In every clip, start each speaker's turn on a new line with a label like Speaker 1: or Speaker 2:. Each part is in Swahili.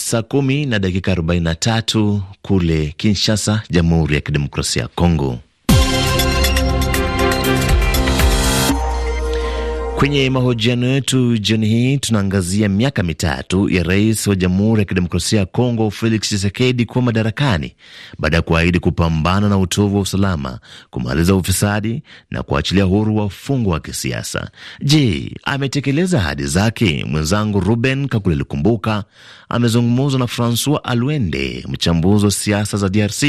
Speaker 1: saa kumi na dakika 43 kule Kinshasa, Jamhuri ya Kidemokrasia ya Kongo. Kwenye mahojiano yetu jioni hii tunaangazia miaka mitatu ya rais wa Jamhuri ya Kidemokrasia ya Kongo Felix Tshisekedi kuwa madarakani baada ya kuahidi kupambana na utovu wa usalama, kumaliza ufisadi na kuachilia huru wafungwa wa kisiasa. Je, ametekeleza ahadi zake? Mwenzangu Ruben Kakule Likumbuka amezungumzwa na Francois Alwende, mchambuzi wa siasa za DRC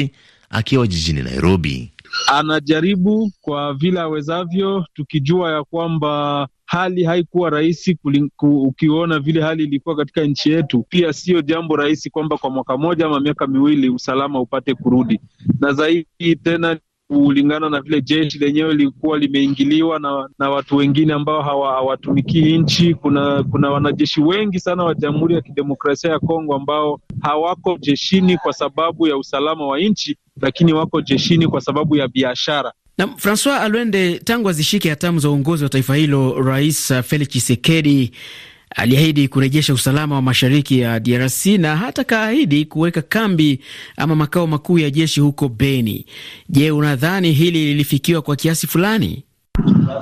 Speaker 1: akiwa jijini Nairobi.
Speaker 2: Anajaribu kwa vile awezavyo, tukijua ya kwamba hali haikuwa rahisi ukiona vile hali ilikuwa katika nchi yetu. Pia sio jambo rahisi kwamba kwa mwaka moja ama miaka miwili usalama upate kurudi, na zaidi tena kulingana na vile jeshi lenyewe lilikuwa limeingiliwa na, na watu wengine ambao hawatumikii nchi. Kuna kuna wanajeshi wengi sana wa Jamhuri ya Kidemokrasia ya Kongo ambao hawako jeshini kwa sababu ya usalama wa nchi, lakini wako jeshini kwa sababu ya biashara.
Speaker 3: Na Francois Alwende, tangu azishike hatamu za uongozi wa taifa hilo, Rais Felix chisekedi aliahidi kurejesha usalama wa mashariki ya DRC na hata kaahidi kuweka kambi ama makao makuu ya jeshi huko Beni.
Speaker 2: Je, unadhani hili lilifikiwa kwa kiasi fulani?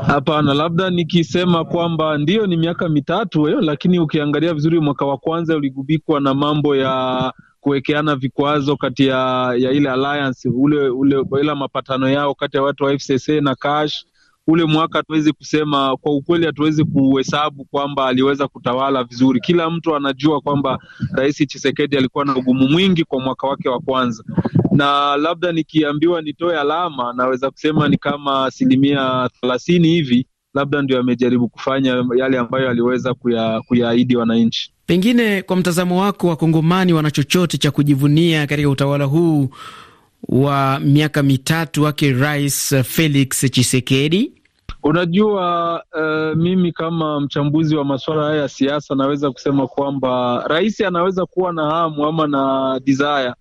Speaker 2: Hapana, labda nikisema kwamba ndiyo ni miaka mitatu hiyo, lakini ukiangalia vizuri mwaka wa kwanza uligubikwa na mambo ya kuwekeana vikwazo kati ya, ya ile alliance ule ule ila mapatano yao kati ya watu wa FCC na cash ule mwaka hatuwezi kusema kwa ukweli, hatuwezi kuhesabu kwamba aliweza kutawala vizuri. Kila mtu anajua kwamba Rais chisekedi alikuwa na ugumu mwingi kwa mwaka wake wa kwanza, na labda nikiambiwa nitoe alama, naweza kusema ni kama asilimia thelathini hivi, labda ndio amejaribu kufanya yale ambayo aliweza kuyaahidi kuya wananchi. Pengine kwa mtazamo wako,
Speaker 3: wakongomani wana chochote cha kujivunia katika utawala huu wa miaka mitatu wake Rais Felix Tshisekedi?
Speaker 2: Unajua, uh, mimi kama mchambuzi wa masuala haya ya siasa naweza kusema kwamba rais anaweza kuwa na hamu ama na desire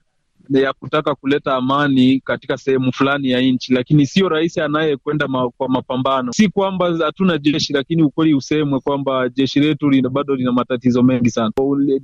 Speaker 2: ya kutaka kuleta amani katika sehemu fulani ya nchi, lakini sio rais anayekwenda ma, kwa mapambano. Si kwamba hatuna jeshi, lakini ukweli usemwe kwamba jeshi letu lina, bado lina matatizo mengi sana.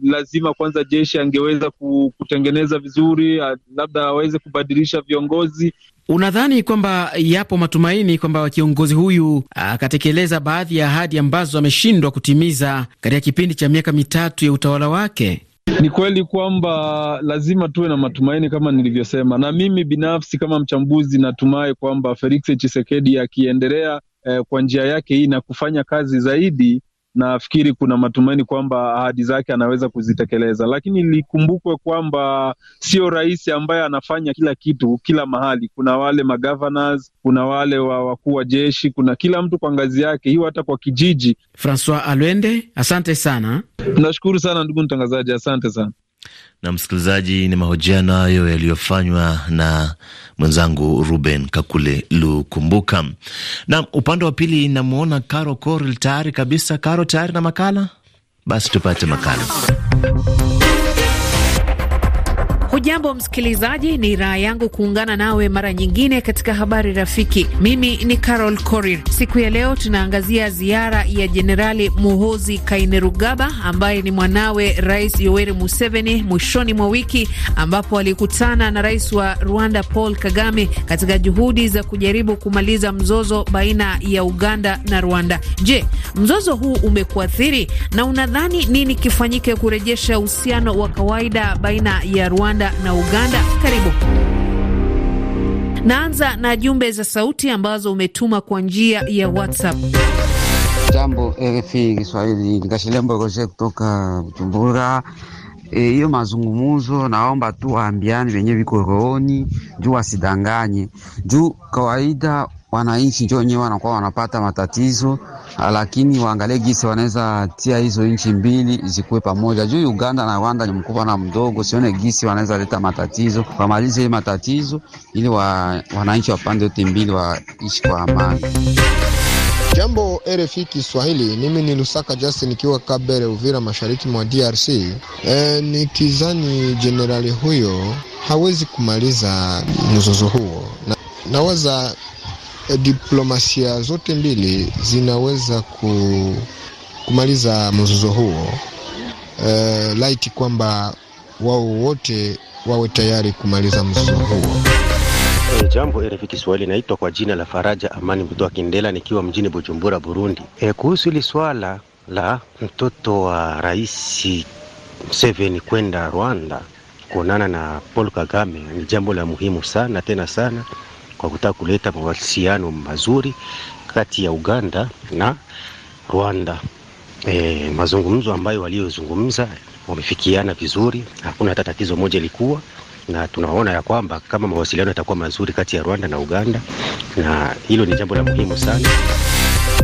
Speaker 2: Lazima kwanza jeshi angeweza kutengeneza vizuri, labda aweze kubadilisha viongozi.
Speaker 3: Unadhani kwamba yapo matumaini kwamba kiongozi huyu akatekeleza baadhi ya ahadi ambazo ameshindwa kutimiza katika kipindi cha miaka mitatu ya utawala wake?
Speaker 2: Ni kweli kwamba lazima tuwe na matumaini kama nilivyosema, na mimi binafsi kama mchambuzi natumai kwamba Felix Tshisekedi akiendelea eh, kwa njia yake hii na kufanya kazi zaidi nafikiri kuna matumaini kwamba ahadi zake anaweza kuzitekeleza, lakini likumbukwe kwamba sio rais ambaye anafanya kila kitu kila mahali. Kuna wale magovernors, kuna wale wa wakuu wa jeshi, kuna kila mtu kwa ngazi yake, hiyo hata kwa kijiji.
Speaker 3: Francois Alwende, asante sana.
Speaker 2: Nashukuru sana ndugu mtangazaji, asante sana.
Speaker 1: Na msikilizaji, ni mahojiano hayo yaliyofanywa na mwenzangu Ruben Kakule Lukumbuka. Na upande wa pili namwona Karo Koril tayari kabisa. Karo, tayari na makala? Basi tupate makala.
Speaker 4: Hujambo msikilizaji, ni raha yangu kuungana nawe mara nyingine katika habari rafiki. Mimi ni Carol Korir. Siku ya leo tunaangazia ziara ya Jenerali Muhozi Kainerugaba ambaye ni mwanawe Rais Yoweri Museveni mwishoni mwa wiki, ambapo alikutana na rais wa Rwanda Paul Kagame katika juhudi za kujaribu kumaliza mzozo baina ya Uganda na Rwanda. Je, mzozo huu umekuathiri na unadhani nini kifanyike kurejesha uhusiano wa kawaida baina ya Rwanda na Uganda. Karibu. Naanza na jumbe za sauti ambazo umetuma kwa njia ya WhatsApp.
Speaker 3: Jambo RFI Kiswahili, Nikashilembo Roje kutoka Bujumbura. E, hiyo e, mazungumuzo naomba tu waambiani venye viko rooni juu wasidanganye juu kawaida wananchi ndio wenyewe wanakuwa wanapata matatizo, lakini waangalie gisi wanaweza tia hizo nchi mbili zikuwe pamoja, juu Uganda na Rwanda ni mkubwa na mdogo. Sione gisi wanaweza leta matatizo, wamalize matatizo ili wa, wananchi wa pande yote mbili waishi kwa amani. Jambo RFI Kiswahili, mimi ni Lusaka Justin nikiwa Kabere, Uvira, mashariki mwa DRC. E, nikizani jenerali huyo hawezi kumaliza mzozo huo na, nawaza diplomasia zote mbili zinaweza kumaliza mzozo huo, e, laiti kwamba wao wote wawe tayari kumaliza mzozo huo.
Speaker 5: Eh, jambo RFI Kiswahili, naitwa kwa jina la Faraja Amani Mtoa Kindela, nikiwa mjini Bujumbura, Burundi. E, kuhusu hili swala la mtoto wa rais Museveni kwenda Rwanda kuonana na Paul Kagame ni jambo la muhimu sana tena sana kwa kutaka kuleta mawasiliano mazuri kati ya Uganda na Rwanda. E, mazungumzo ambayo waliozungumza wamefikiana vizuri, hakuna hata tatizo moja ilikuwa na tunaona ya kwamba kama mawasiliano yatakuwa mazuri kati ya Rwanda na Uganda, na hilo ni jambo la muhimu sana.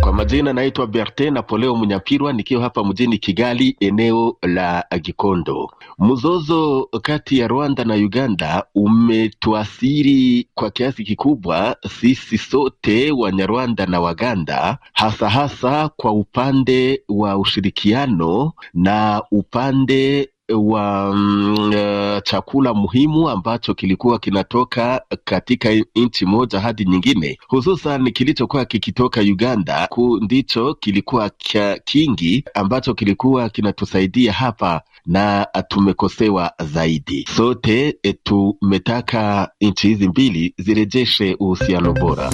Speaker 5: Kwa majina naitwa
Speaker 1: Berte Napoleo Munyapirwa, nikiwa hapa mjini Kigali, eneo la Gikondo. Mzozo kati ya Rwanda na Uganda umetuathiri kwa kiasi kikubwa sisi sote Wanyarwanda na Waganda, hasa hasa kwa upande wa ushirikiano na upande wa uh, chakula muhimu ambacho kilikuwa kinatoka katika nchi moja hadi nyingine, hususan kilichokuwa kikitoka Uganda ku ndicho kilikuwa kia kingi ambacho kilikuwa kinatusaidia hapa na tumekosewa zaidi. Sote eh, tumetaka nchi hizi mbili zirejeshe
Speaker 3: uhusiano bora.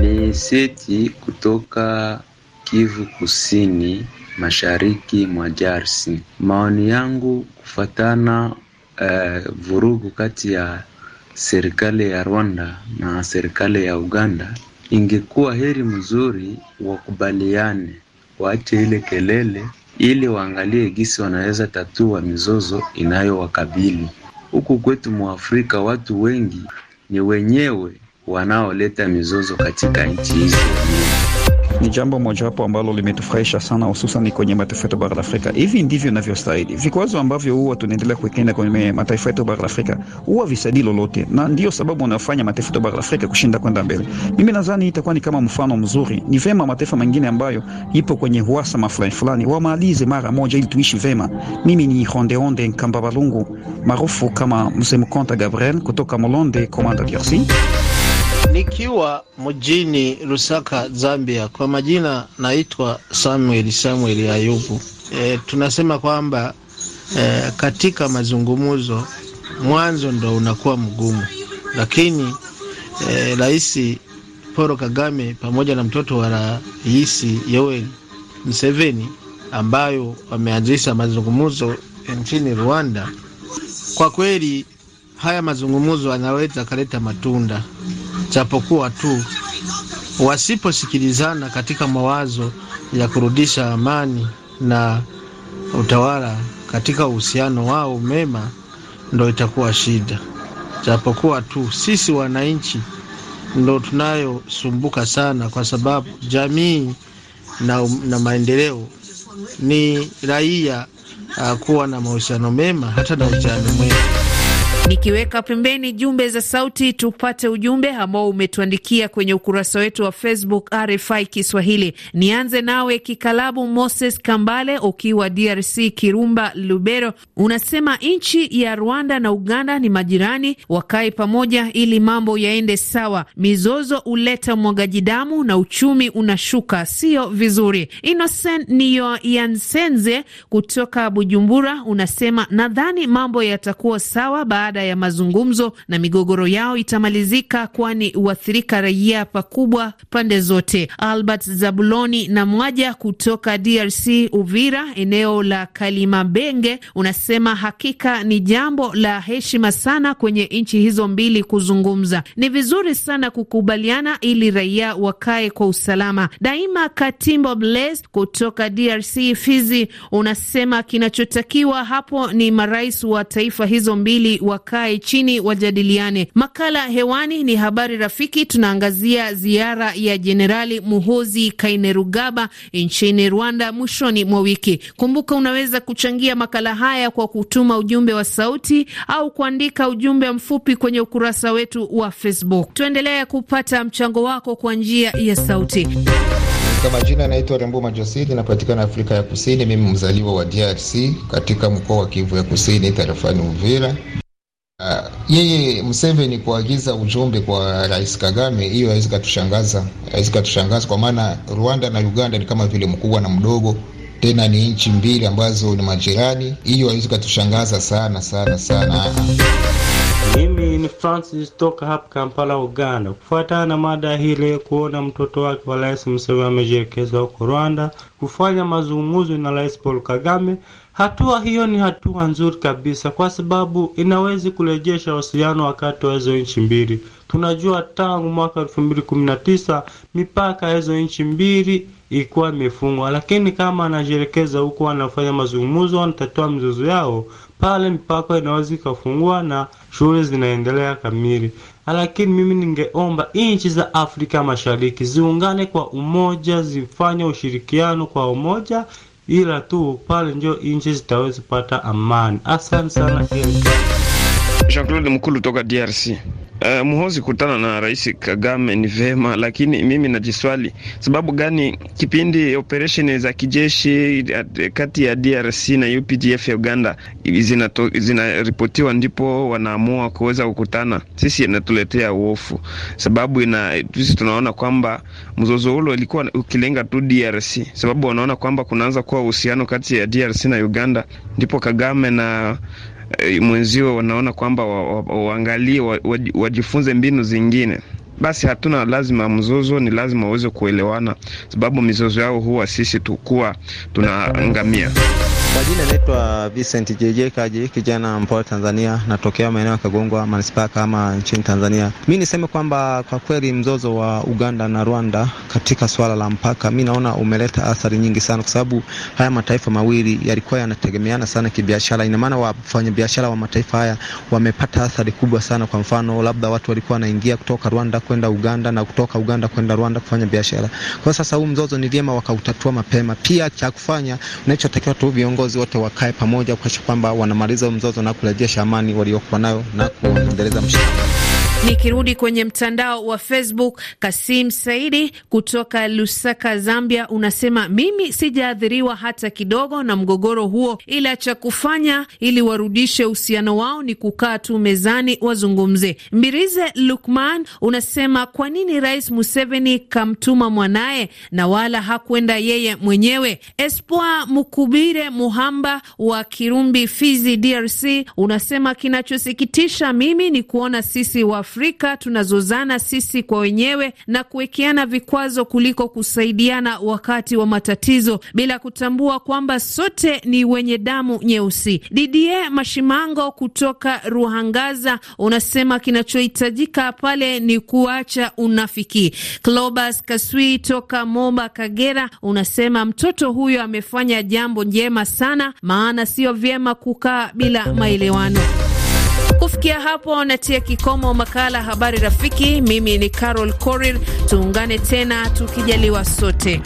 Speaker 3: Ni seti kutoka Kivu Kusini mashariki mwa DRC. Maoni yangu kufatana eh, vurugu kati ya serikali ya Rwanda na serikali ya Uganda, ingekuwa heri mzuri wakubaliane, waache ile kelele, ili waangalie gisi wanaweza tatua mizozo inayowakabili huku kwetu Mwafrika. Watu wengi ni wenyewe wanaoleta mizozo katika nchi hizi wenyewe ni jambo mojawapo ambalo limetufurahisha sana, hususan kwenye mataifa yetu bara la Afrika. Hivi ndivyo inavyostahili. Vikwazo ambavyo huwa tunaendelea kuikenda kwenye mataifa yetu bara la Afrika huwa visadii lolote, na ndiyo sababu wanafanya mataifa yetu bara la Afrika kushinda kwenda mbele. Mimi nadhani itakuwa ni kama mfano mzuri. Ni vema mataifa mengine ambayo ipo kwenye uhasama fulani fulani wamalize mara moja, ili tuishi vema. Mimi ni Hondeonde Nkamba Balungu maarufu kama Mzee Mkonta Gabriel kutoka Molonde, Komanda DRC
Speaker 5: nikiwa mjini Lusaka, Zambia. Kwa majina naitwa Samuel Samuel Ayubu. E, tunasema kwamba e, katika mazungumzo mwanzo ndo unakuwa mgumu, lakini e, rais e, Paul Kagame pamoja na mtoto wa rais Yoweri Museveni ambayo wameanzisha mazungumzo nchini Rwanda, kwa kweli haya mazungumzo anaweza kaleta matunda japokuwa tu wasiposikilizana katika mawazo ya kurudisha amani na utawala katika uhusiano wao mema, ndo itakuwa shida. Japokuwa tu sisi wananchi ndo tunayosumbuka sana, kwa sababu jamii na, um, na maendeleo ni raia uh, kuwa na mahusiano mema hata na ujirani mwema.
Speaker 4: Nikiweka pembeni jumbe za sauti, tupate ujumbe ambao umetuandikia kwenye ukurasa wetu wa Facebook RFI Kiswahili. Nianze nawe Kikalabu Moses Kambale, ukiwa DRC Kirumba Lubero, unasema nchi ya Rwanda na Uganda ni majirani, wakae pamoja ili mambo yaende sawa. Mizozo huleta mwagaji damu na uchumi unashuka, sio vizuri. Innocent niyo Yansenze kutoka Bujumbura unasema nadhani mambo yatakuwa sawa baada baada ya mazungumzo na migogoro yao itamalizika, kwani huathirika raia pakubwa pande zote. Albert Zabuloni na Mwaja kutoka DRC Uvira, eneo la Kalimabenge, unasema hakika ni jambo la heshima sana kwenye nchi hizo mbili kuzungumza. Ni vizuri sana kukubaliana ili raia wakae kwa usalama daima. Katimbo Bles kutoka DRC Fizi unasema kinachotakiwa hapo ni marais wa taifa hizo mbili wa wakae chini wajadiliane. Makala hewani ni habari rafiki, tunaangazia ziara ya Jenerali Muhozi Kainerugaba nchini Rwanda mwishoni mwa wiki. Kumbuka unaweza kuchangia makala haya kwa kutuma ujumbe wa sauti au kuandika ujumbe mfupi kwenye ukurasa wetu wa Facebook. Tuendelea kupata mchango wako kwa njia ya sauti.
Speaker 3: Kwa majina naitwa Rembo Majosili, napatikana Afrika ya Kusini. Mimi mzaliwa wa DRC katika mkoa wa Kivu ya Kusini, tarafani Uvira. Ah, yeye Museveni kuagiza ujumbe kwa Rais Kagame, hiyo haiwezi katushangaza, haiwezi katushangaza kwa maana Rwanda na Uganda ni kama vile mkubwa na mdogo, tena ni nchi mbili ambazo ni majirani. Hiyo haiwezi katushangaza sana sana sana.
Speaker 2: Mimi ni Francis toka hapa Kampala, Uganda. Kufuatana na mada hii leo, kuona mtoto wake wa Rais Museveni amejielekeza huko Rwanda kufanya mazungumzo na Rais Paul Kagame, hatua hiyo ni hatua nzuri kabisa, kwa sababu inawezi kurejesha uhusiano wakati wa hizo nchi mbili. Tunajua tangu mwaka elfu mbili kumi na tisa mipaka ya hizo nchi mbili ilikuwa imefungwa, lakini kama anajielekeza huko, anafanya mazungumzo, anatatua mizozo yao pale, mipaka inaweza ikafungua na shule zinaendelea kamili, lakini mimi ningeomba nchi za Afrika Mashariki ziungane kwa umoja, zifanye ushirikiano kwa umoja, ila tu pale ndio nchi zitaweza kupata amani. Asante sana. Jean-Claude Mkulu toka DRC uh, Muhozi kutana
Speaker 3: na Rais Kagame ni vema, lakini mimi najiswali sababu gani kipindi operation za kijeshi eh, kati ya DRC na UPDF ya Uganda zinaripotiwa zina ndipo wanaamua kuweza kukutana. Sisi inatuletea uofu sababu ina, sisi tunaona kwamba mzozo ule ulikuwa ukilenga tu DRC sababu wanaona kwamba kunaanza kuwa uhusiano kati ya DRC na Uganda, ndipo Kagame na Eh, mwenzio wanaona kwamba waangalie wa, wa, wa, wajifunze mbinu zingine basi hatuna lazima mzozo, ni lazima waweze kuelewana, sababu mizozo yao huwa sisi tukuwa tunaangamia. Kwa jina naitwa Vincent JJ Kaji, kijana mpole Tanzania, natokea maeneo ya Kagongwa manispaa kama nchini Tanzania. Mi niseme
Speaker 1: kwamba kwa kweli mzozo wa Uganda na Rwanda katika swala la mpaka, mi naona umeleta athari nyingi sana, kwa sababu haya mataifa mawili yalikuwa yanategemeana sana kibiashara. Ina maana wafanyabiashara wa mataifa haya wamepata athari kubwa sana. Kwa mfano, labda watu walikuwa wanaingia kutoka Rwanda kwenda Uganda na kutoka Uganda kwenda Rwanda kufanya biashara. Kwa sasa huu mzozo ni vyema wakautatua mapema. Pia cha kufanya unachotakiwa tu viongozi viongozi wote wakae pamoja kuhakikisha kwamba wanamaliza mzozo na kurejesha amani waliokuwa nayo na kuendeleza mshikamano.
Speaker 4: Nikirudi kwenye mtandao wa Facebook, Kasim Saidi kutoka Lusaka, Zambia, unasema mimi sijaathiriwa hata kidogo na mgogoro huo, ila cha kufanya ili warudishe uhusiano wao ni kukaa tu mezani wazungumze. Mbirize Lukman unasema kwa nini Rais Museveni kamtuma mwanaye na wala hakwenda yeye mwenyewe? Espoir Mukubire Muhamba wa Kirumbi, Fizi, DRC, unasema kinachosikitisha mimi ni kuona sisi wa Afrika tunazozana sisi kwa wenyewe na kuwekeana vikwazo kuliko kusaidiana wakati wa matatizo, bila kutambua kwamba sote ni wenye damu nyeusi. Didie Mashimango kutoka Ruhangaza unasema kinachohitajika pale ni kuacha unafiki. Clobas Kaswi toka Moba, Kagera unasema mtoto huyo amefanya jambo njema sana, maana sio vyema kukaa bila maelewano. Kufikia hapo natia kikomo makala Habari Rafiki. Mimi ni Carol Korir, tuungane tena tukijaliwa sote.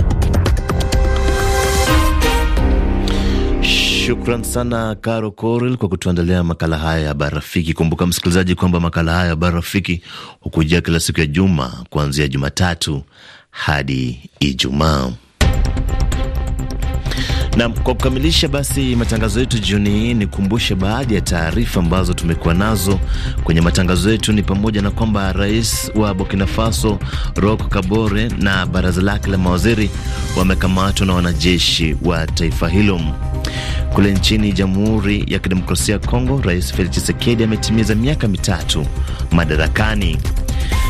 Speaker 1: Shukran sana Caro Coril kwa kutuandalia makala haya ya habari rafiki. Kumbuka msikilizaji, kwamba makala haya ya habari rafiki hukujia kila siku ya juma kuanzia Jumatatu hadi Ijumaa. Na kwa kukamilisha basi matangazo yetu jioni hii, nikumbushe baadhi ya taarifa ambazo tumekuwa nazo kwenye matangazo yetu. Ni pamoja na kwamba rais wa Burkina Faso Roch Kabore na baraza lake la mawaziri wamekamatwa na wanajeshi wa taifa hilo. Kule nchini Jamhuri ya Kidemokrasia ya Kongo, Rais Felix Tshisekedi ametimiza miaka mitatu madarakani.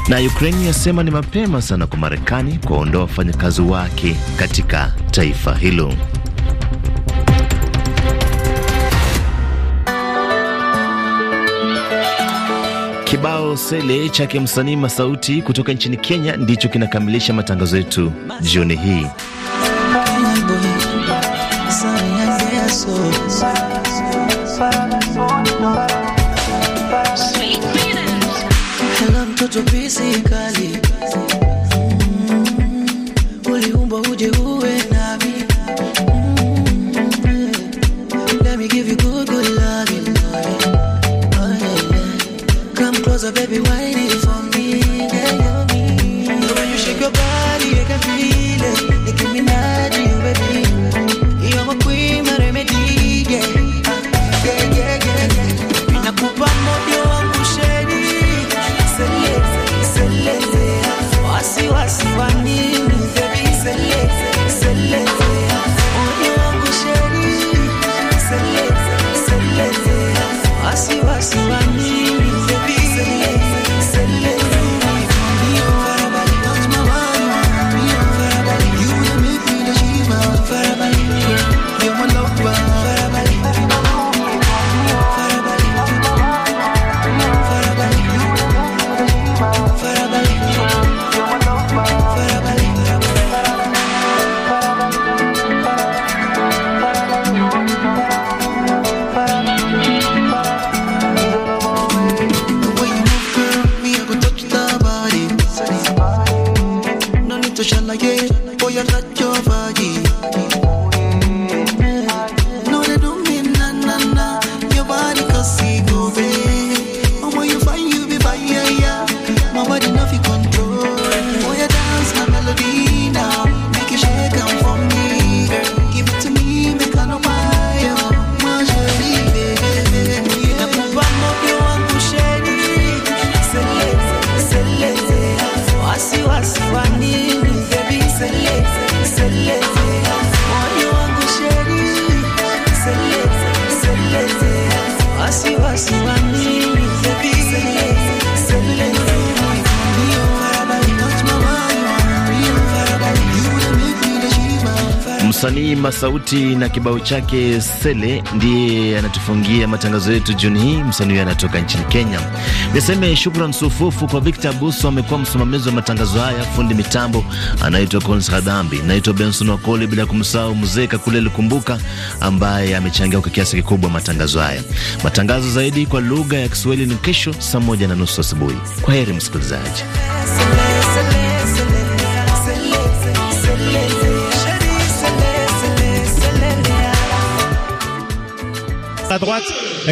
Speaker 1: Na Ukraini yasema ni mapema sana kwa Marekani kuwaondoa wafanyakazi wake katika taifa hilo. Kibao sele chake msanii Masauti kutoka nchini Kenya ndicho kinakamilisha matangazo yetu jioni hii. ni Masauti na kibao chake Sele ndiye anatufungia matangazo yetu jioni hii. Msanii huyo anatoka nchini Kenya. Niseme shukran sufufu kwa Victor Buso, amekuwa msimamizi wa matangazo haya. Fundi mitambo anaitwa Collins Kadhambi, naitwa Benson Wakoli, bila kumsahau mzee Kakule Likumbuka ambaye amechangia kwa kiasi kikubwa matangazo haya. Matangazo zaidi kwa lugha ya Kiswahili ni kesho saa moja na nusu asubuhi. Kwa heri msikilizaji.
Speaker 2: à droite.